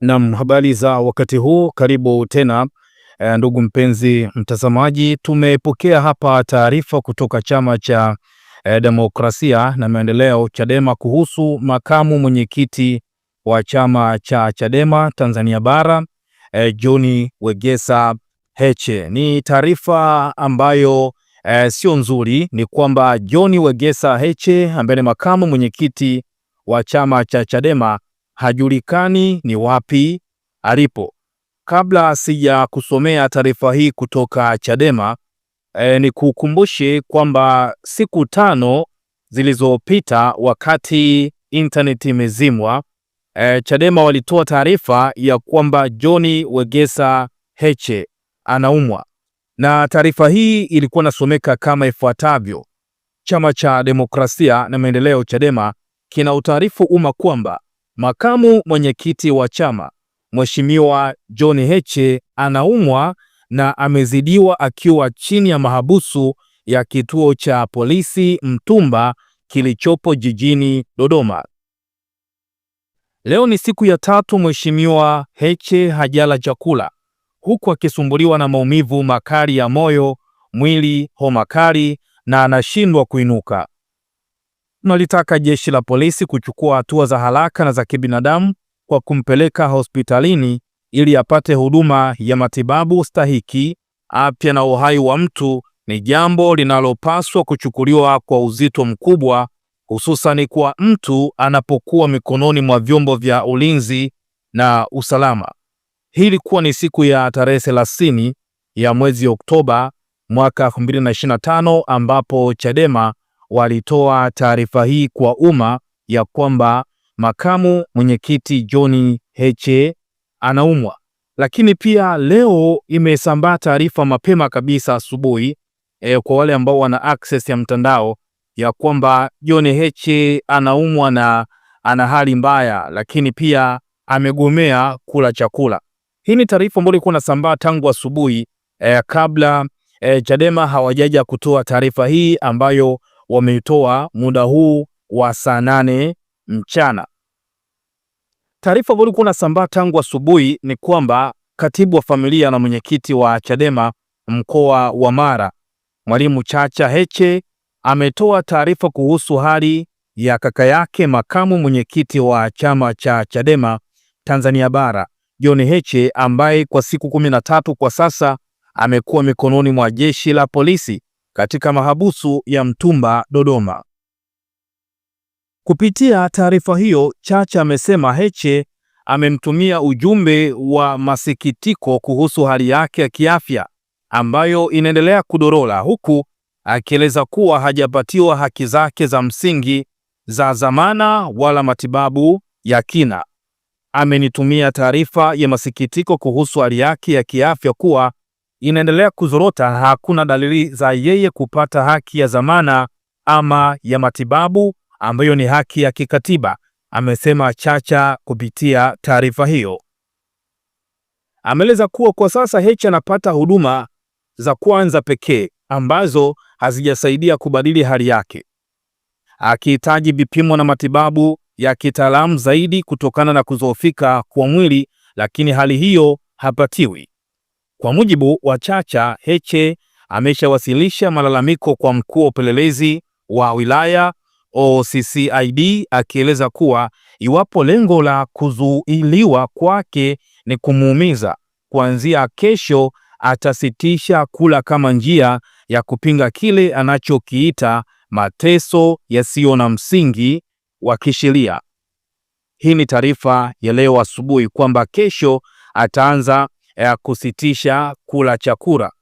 Nam, habari za wakati huu, karibu tena eh, ndugu mpenzi mtazamaji, tumepokea hapa taarifa kutoka chama cha eh, demokrasia na maendeleo Chadema kuhusu makamu mwenyekiti wa chama cha Chadema Tanzania bara eh, John Wegesa Heche. Ni taarifa ambayo eh, sio nzuri, ni kwamba John Wegesa Heche ambaye ni makamu mwenyekiti wa chama cha Chadema hajulikani ni wapi alipo. Kabla sija kusomea taarifa hii kutoka Chadema e, eh, ni kukumbushe kwamba siku tano zilizopita wakati intaneti imezimwa e, Chadema walitoa taarifa ya kwamba John Wegesa Heche anaumwa, na taarifa hii ilikuwa nasomeka kama ifuatavyo: Chama cha Demokrasia na Maendeleo Chadema kina utaarifu umma kwamba Makamu mwenyekiti wa chama Mheshimiwa John Heche anaumwa na amezidiwa akiwa chini ya mahabusu ya kituo cha polisi Mtumba kilichopo jijini Dodoma. Leo ni siku ya tatu Mheshimiwa Heche hajala chakula huku akisumbuliwa na maumivu makali ya moyo, mwili, homa kali na anashindwa kuinuka tunalitaka jeshi la polisi kuchukua hatua za haraka na za kibinadamu kwa kumpeleka hospitalini ili apate huduma ya matibabu stahiki. Afya na uhai wa mtu ni jambo linalopaswa kuchukuliwa kwa uzito mkubwa, hususani kwa mtu anapokuwa mikononi mwa vyombo vya ulinzi na usalama. Hii ilikuwa ni siku ya tarehe 30 ya mwezi Oktoba mwaka 2025 ambapo Chadema walitoa taarifa hii kwa umma ya kwamba makamu mwenyekiti John Heche anaumwa. Lakini pia leo imesambaa taarifa mapema kabisa asubuhi eh, kwa wale ambao wana access ya mtandao ya kwamba John Heche anaumwa na ana hali mbaya, lakini pia amegomea kula chakula. Hii ni taarifa ambayo ilikuwa inasambaa tangu asubuhi eh, kabla eh, Chadema hawajaja kutoa taarifa hii ambayo wameitoa muda huu wa saa nane mchana. Taarifa ambayo ilikuwa inasambaa tangu asubuhi ni kwamba katibu wa familia na mwenyekiti wa Chadema mkoa wa Mara Mwalimu Chacha Heche ametoa taarifa kuhusu hali ya kaka yake makamu mwenyekiti wa chama cha Chadema Tanzania Bara John Heche ambaye kwa siku 13 kwa sasa amekuwa mikononi mwa jeshi la polisi katika mahabusu ya Mtumba Dodoma. Kupitia taarifa hiyo, Chacha amesema Heche amemtumia ujumbe wa masikitiko kuhusu hali yake ya kiafya ambayo inaendelea kudorola huku akieleza kuwa hajapatiwa haki zake za msingi za dhamana wala matibabu ya kina. Amenitumia taarifa ya masikitiko kuhusu hali yake ya kiafya kuwa inaendelea kuzorota, hakuna dalili za yeye kupata haki ya dhamana ama ya matibabu ambayo ni haki ya kikatiba, amesema Chacha kupitia taarifa hiyo. Ameeleza kuwa kwa sasa Heche anapata huduma za kwanza pekee ambazo hazijasaidia kubadili hali yake, akihitaji vipimo na matibabu ya kitaalamu zaidi kutokana na kuzoofika kwa mwili, lakini hali hiyo hapatiwi. Kwa mujibu wa Chacha, Heche ameshawasilisha malalamiko kwa mkuu wa upelelezi wa wilaya OCCID akieleza kuwa iwapo lengo la kuzuiliwa kwake ni kumuumiza, kuanzia kesho atasitisha kula kama njia ya kupinga kile anachokiita mateso yasiyo na msingi wa kisheria. Hii ni taarifa ya leo asubuhi kwamba kesho ataanza ya kusitisha kula chakula.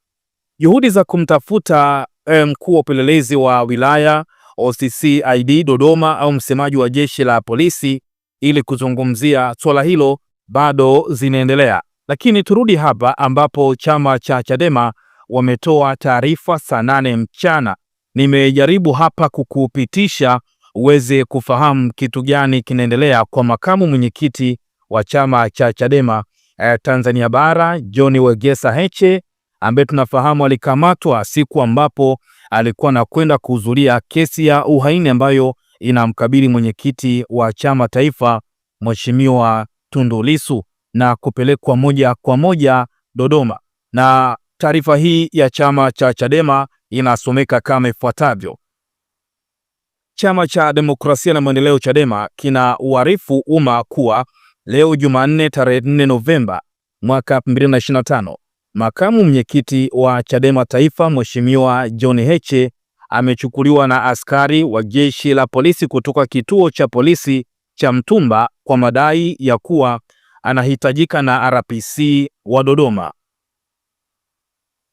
Juhudi za kumtafuta eh, mkuu wa upelelezi wa wilaya OCCID Dodoma au msemaji wa jeshi la polisi ili kuzungumzia swala hilo bado zinaendelea, lakini turudi hapa ambapo chama cha Chadema wametoa taarifa saa nane mchana. Nimejaribu hapa kukupitisha uweze kufahamu kitu gani kinaendelea kwa makamu mwenyekiti wa chama cha Chadema eh, Tanzania bara John Wegesa Heche ambaye tunafahamu alikamatwa siku ambapo alikuwa anakwenda kuhudhuria kesi ya uhaini ambayo inamkabili mwenyekiti wa chama taifa Mheshimiwa Tundu Lissu na kupelekwa moja kwa moja Dodoma. Na taarifa hii ya chama cha Chadema inasomeka kama ifuatavyo: Chama cha Demokrasia na Maendeleo Chadema kina uarifu umma kuwa Leo Jumanne tarehe 4 Novemba mwaka 2025, makamu mwenyekiti wa Chadema Taifa Mheshimiwa John Heche amechukuliwa na askari wa jeshi la polisi kutoka kituo cha polisi cha Mtumba kwa madai ya kuwa anahitajika na RPC wa Dodoma.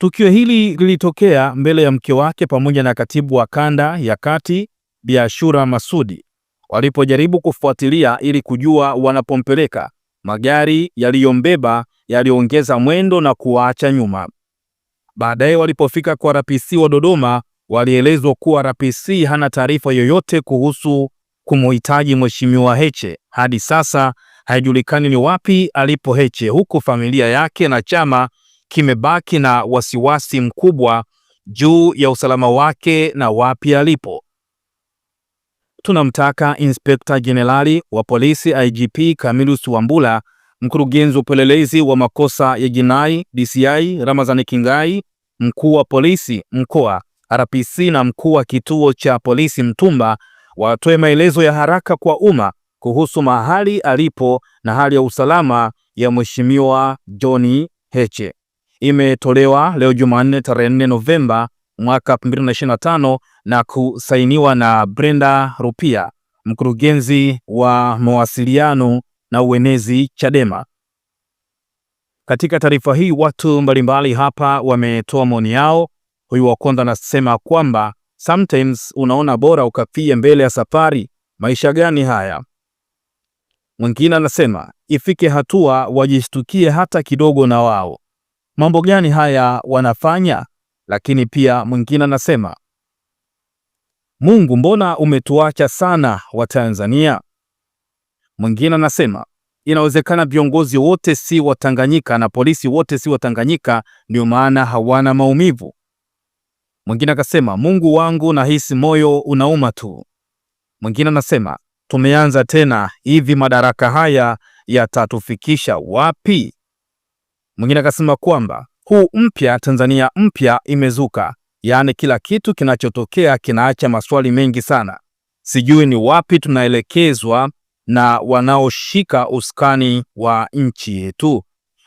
Tukio hili lilitokea mbele ya mke wake pamoja na katibu wa kanda ya kati biashura Masudi Walipojaribu kufuatilia ili kujua wanapompeleka, magari yaliyombeba yaliongeza mwendo na kuwaacha nyuma. Baadaye walipofika kwa RPC wa Dodoma, walielezwa kuwa RPC hana taarifa yoyote kuhusu kumuhitaji Mheshimiwa Heche. Hadi sasa haijulikani ni wapi alipo Heche, huku familia yake na chama kimebaki na wasiwasi mkubwa juu ya usalama wake na wapi alipo tunamtaka Inspekta Jenerali wa Polisi IGP Camillus Wambura, mkurugenzi wa upelelezi wa makosa ya jinai DCI ramazani Kingai, mkuu wa polisi mkoa RPC na mkuu wa kituo cha polisi Mtumba watoe maelezo ya haraka kwa umma kuhusu mahali alipo na hali ya usalama ya Mheshimiwa John Heche. Imetolewa leo Jumanne tarehe 4 Novemba mwaka 2025 na kusainiwa na Brenda Rupia, mkurugenzi wa mawasiliano na uenezi Chadema. Katika taarifa hii watu mbalimbali hapa wametoa maoni yao. Huyu wa kwanza anasema kwamba sometimes unaona bora ukafie mbele ya safari, maisha gani haya? Mwingine anasema ifike hatua wajishtukie hata kidogo na wao, mambo gani haya wanafanya? Lakini pia mwingine anasema, Mungu, mbona umetuacha sana Watanzania? Mwingine anasema inawezekana viongozi wote si Tanganyika na polisi wote si Tanganyika, ndio maana hawana maumivu. Mwingine akasema Mungu wangu, nahisi moyo unauma tu. Mwingine anasema tumeanza tena hivi, madaraka haya yatatufikisha wapi? Mwingine akasema kwamba huu mpya, Tanzania mpya imezuka. Yaani kila kitu kinachotokea kinaacha maswali mengi sana. Sijui ni wapi tunaelekezwa na wanaoshika usukani wa nchi yetu.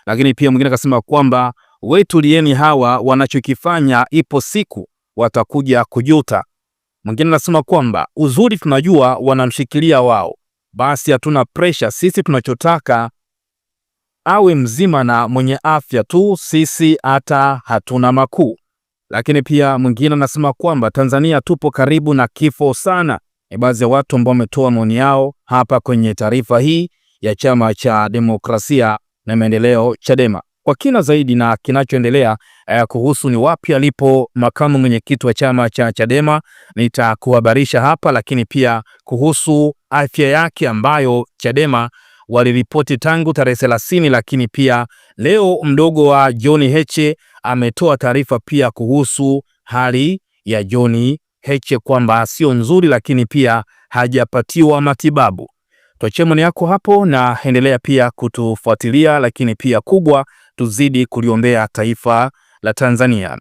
Lakini pia mwingine akasema kwamba wetulieni hawa wanachokifanya ipo siku watakuja kujuta. Mwingine anasema kwamba uzuri tunajua wanamshikilia wao, basi hatuna presha sisi. Tunachotaka awe mzima na mwenye afya tu, sisi hata hatuna makuu. Lakini pia mwingine anasema kwamba Tanzania tupo karibu na kifo sana. Ni baadhi ya watu ambao wametoa maoni yao hapa kwenye taarifa hii ya Chama cha Demokrasia na Maendeleo, Chadema. Kwa kina zaidi na kinachoendelea eh, kuhusu ni wapi alipo makamu mwenyekiti wa chama cha Chadema nitakuhabarisha hapa, lakini pia kuhusu afya yake ambayo Chadema waliripoti tangu tarehe 30, lakini pia leo mdogo wa John Heche ametoa taarifa pia kuhusu hali ya John Heche kwamba sio nzuri, lakini pia hajapatiwa matibabu. Tuachie maoni yako hapo na endelea pia kutufuatilia, lakini pia kubwa, tuzidi kuliombea taifa la Tanzania.